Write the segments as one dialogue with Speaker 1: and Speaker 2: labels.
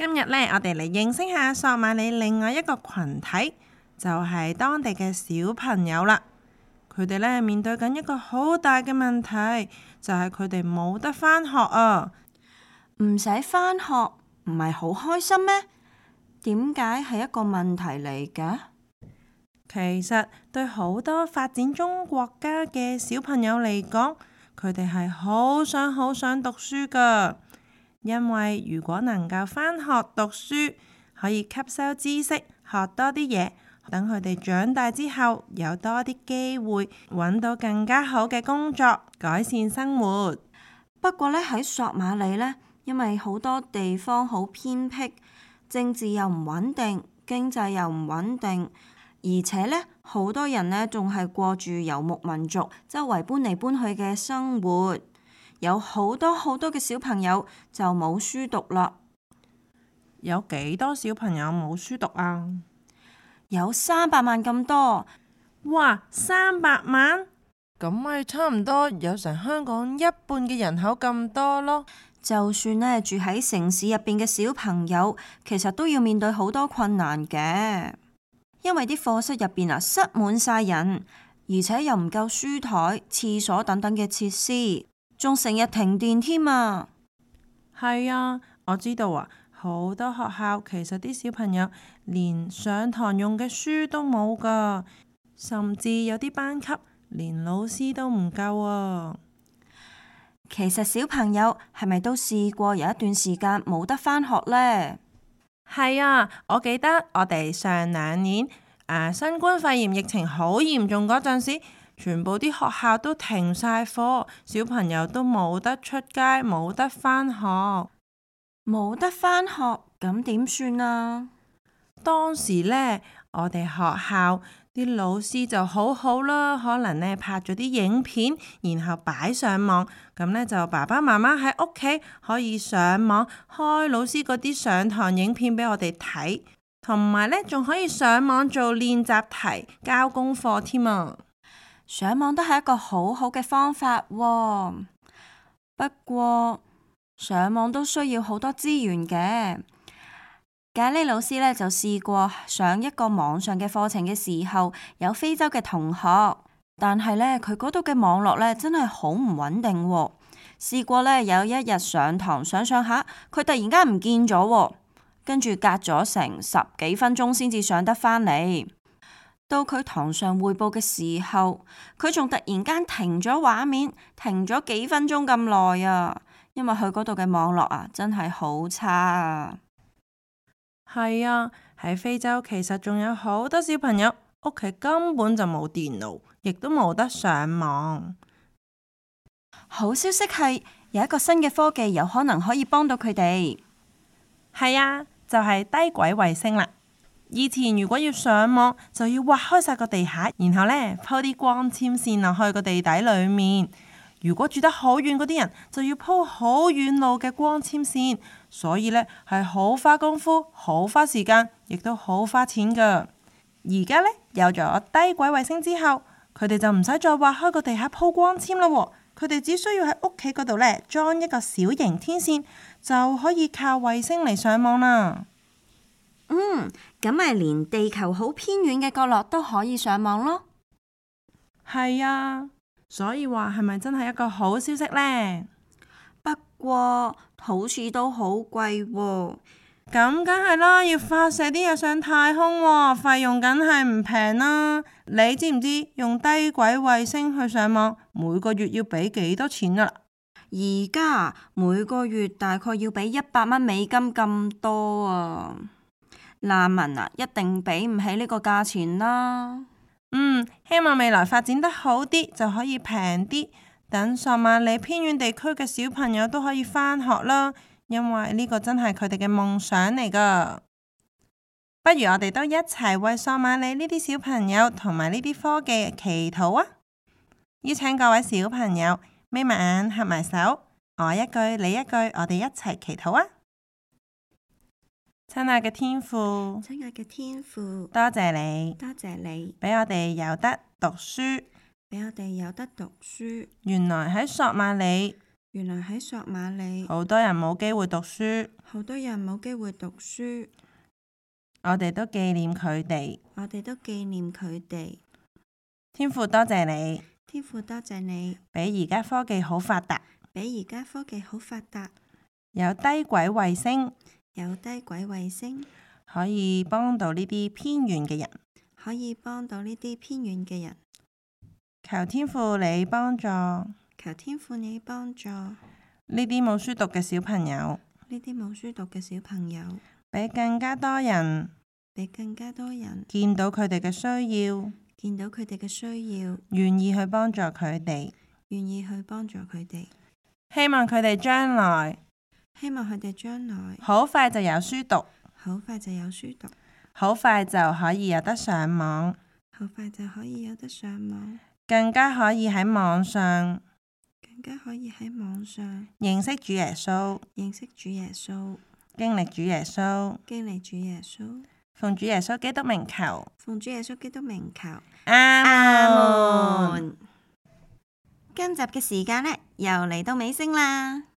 Speaker 1: 今日呢，我哋嚟認識下索馬里另外一個群體，就係當地嘅小朋友啦。佢哋呢，面對緊一個好大嘅問題，就係佢哋冇得返學啊！唔使返學，唔係好開心咩？點解係一個問題嚟噶？其實對好多發展中國家嘅小朋友嚟講，佢哋係好想好想讀書噶。因為如果能夠返學讀書，可以吸收知識，學多啲嘢，等佢哋長大之後有多啲機會，揾到更加好嘅工作，改善生活。不過呢，喺索馬里呢，因為好多地方好偏僻，
Speaker 2: 政治又唔穩定，經濟又唔穩定，而且呢，好多人呢仲係過住游牧民族周圍搬嚟搬去嘅生活。有好多好多嘅小朋友就冇書讀啦。有
Speaker 1: 幾多小朋友冇書讀啊？有三百萬咁多，嘩，三百萬咁，咪差唔多有成香港一
Speaker 2: 半嘅人口咁多咯。就算咧住喺城市入邊嘅小朋友，其實都要面對好多困難嘅，因為啲課室入邊啊塞滿晒人，而且又唔夠書台、廁所等等嘅設施。仲
Speaker 1: 成日停電添啊！係啊，我知道啊，好多學校其實啲小朋友連上堂用嘅書都冇噶，甚至有啲班級連老師都唔夠啊。其
Speaker 2: 實小朋友係咪都試過有一段時間冇得返學
Speaker 1: 呢？係啊，我記得我哋上兩年誒，新冠肺炎疫情好嚴重嗰陣時。全部啲學校都停晒課，小朋友都冇得出街，冇得返學，冇得返學，咁點算啊？當時呢，我哋學校啲老師就好好啦，可能呢拍咗啲影片，然後擺上網，咁呢，就爸爸媽媽喺屋企可以上網開老師嗰啲上堂影片俾我哋睇，同埋呢，仲可以上網做練習題、交功課添啊！上網都係一個好好嘅方法，
Speaker 2: 不過上網都需要好多資源嘅。咖喱老師呢，就試過上一個網上嘅課程嘅時候，有非洲嘅同學，但係呢，佢嗰度嘅網絡呢，真係好唔穩定。試過呢，有一日上堂上上下，佢突然間唔見咗，跟住隔咗成十幾分鐘先至上得返嚟。到佢堂上匯報嘅時候，佢仲突然間停咗畫面，停咗幾分鐘
Speaker 1: 咁耐啊！因為佢嗰度嘅網絡啊，真係好差啊！係啊，喺非洲其實仲有好多小朋友，屋企根本就冇電腦，亦都冇得上網。好消息係有一個新嘅科技有可能可以幫到佢哋。係啊，就係低軌衛星啦。以前如果要上網，就要挖開晒個地下，然後呢，鋪啲光纖線落去個地底裡面。如果住得好遠嗰啲人，就要鋪好遠路嘅光纖線，所以呢，係好花功夫、好花時間，亦都好花錢㗎。而家呢，有咗低軌衛星之後，佢哋就唔使再挖開個地下鋪光纖啦喎，佢哋只需要喺屋企嗰度呢，裝一個小型天線，就可以靠衛星嚟上網啦。嗯，咁咪連地球好
Speaker 2: 偏遠嘅角落都可以上網咯。
Speaker 1: 係啊，所以話，係咪真係一個好消息呢？不過好似都好貴喎。咁梗係啦，要發射啲嘢上太空喎，費用梗係唔平啦。你知唔知用低軌衛星去上網，每個月要俾幾多錢啊？而家每個月大概要俾一百蚊美金咁多啊。難民啊，一定比唔起呢個價錢啦。嗯，希望未來發展得好啲，就可以平啲，等索馬里偏遠地區嘅小朋友都可以返學啦。因為呢個真係佢哋嘅夢想嚟噶。不如我哋都一齊為索馬里呢啲小朋友同埋呢啲科技祈禱啊！邀請各位小朋友眯埋眼，合埋手，我一句，你一句，我哋一齊祈禱啊！親愛嘅天父，親愛嘅天父，多謝你，多謝你，俾我哋有得讀書，
Speaker 2: 俾我哋有得讀書。
Speaker 1: 原來喺索馬里，
Speaker 2: 原來喺索馬里，
Speaker 1: 好多人冇機會讀書，
Speaker 2: 好多人冇機會讀書。
Speaker 1: 我哋都紀念佢哋，
Speaker 2: 我哋都紀念佢哋。
Speaker 1: 天父，多謝你，
Speaker 2: 天父，多謝你，
Speaker 1: 俾而家科技好發達，
Speaker 2: 俾而家科技好發達，
Speaker 1: 有低軌衛星。有低軌衛星可以幫到呢啲偏遠嘅人，
Speaker 2: 可以幫到呢啲偏遠
Speaker 1: 嘅人。求天父你幫助，
Speaker 2: 求天父你幫助
Speaker 1: 呢啲冇書讀嘅小朋友，
Speaker 2: 呢啲冇書讀嘅小朋友，
Speaker 1: 俾更加多人
Speaker 2: 俾更加多人
Speaker 1: 見到佢哋嘅需要，見到佢
Speaker 2: 哋嘅需要，
Speaker 1: 願意去幫助佢哋，願意去幫助佢哋。希望佢哋將來。
Speaker 2: 希望佢哋將來
Speaker 1: 好快就有書讀，好快就有書讀，好快就可以有得上網，
Speaker 2: 好快就可以有得上網，
Speaker 1: 更加可以喺網上，
Speaker 2: 更加可以喺網
Speaker 1: 上認識主耶穌，認識主耶穌，經歷主耶穌，經歷主耶穌，奉主耶穌基督名求，奉主耶穌基督名求，阿
Speaker 2: 門。
Speaker 1: 今集嘅時間咧，又嚟到尾聲啦。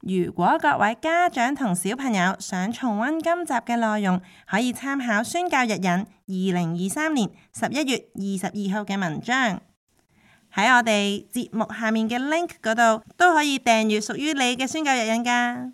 Speaker 1: 如果各位家長同小朋友想重温今集嘅內容，可以參考《宣教日引》二零二三年十一月二十二號嘅文章。喺我哋節目下面嘅 link 嗰度都可以訂閱屬於你嘅《宣教日引》㗎。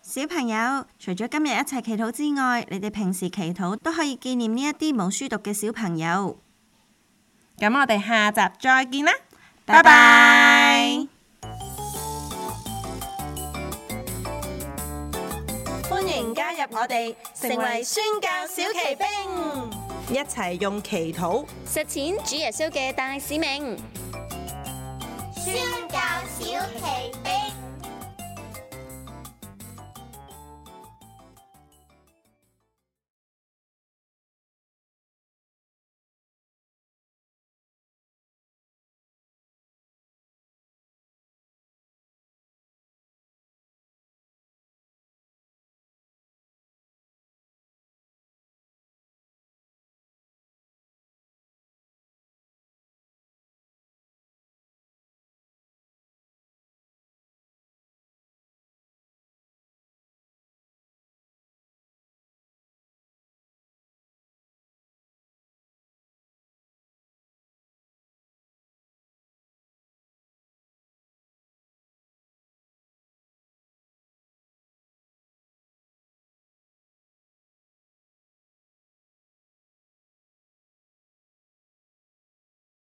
Speaker 1: 小朋友，除咗今日
Speaker 2: 一齊祈禱之外，你哋平時祈禱都可以紀念呢一啲冇書讀嘅小朋友。
Speaker 1: 咁我哋下集再見啦，拜拜。加入我哋，成為宣教小騎兵，一齊用祈禱
Speaker 2: 實踐主耶穌嘅大使命。
Speaker 1: 宣教小騎兵。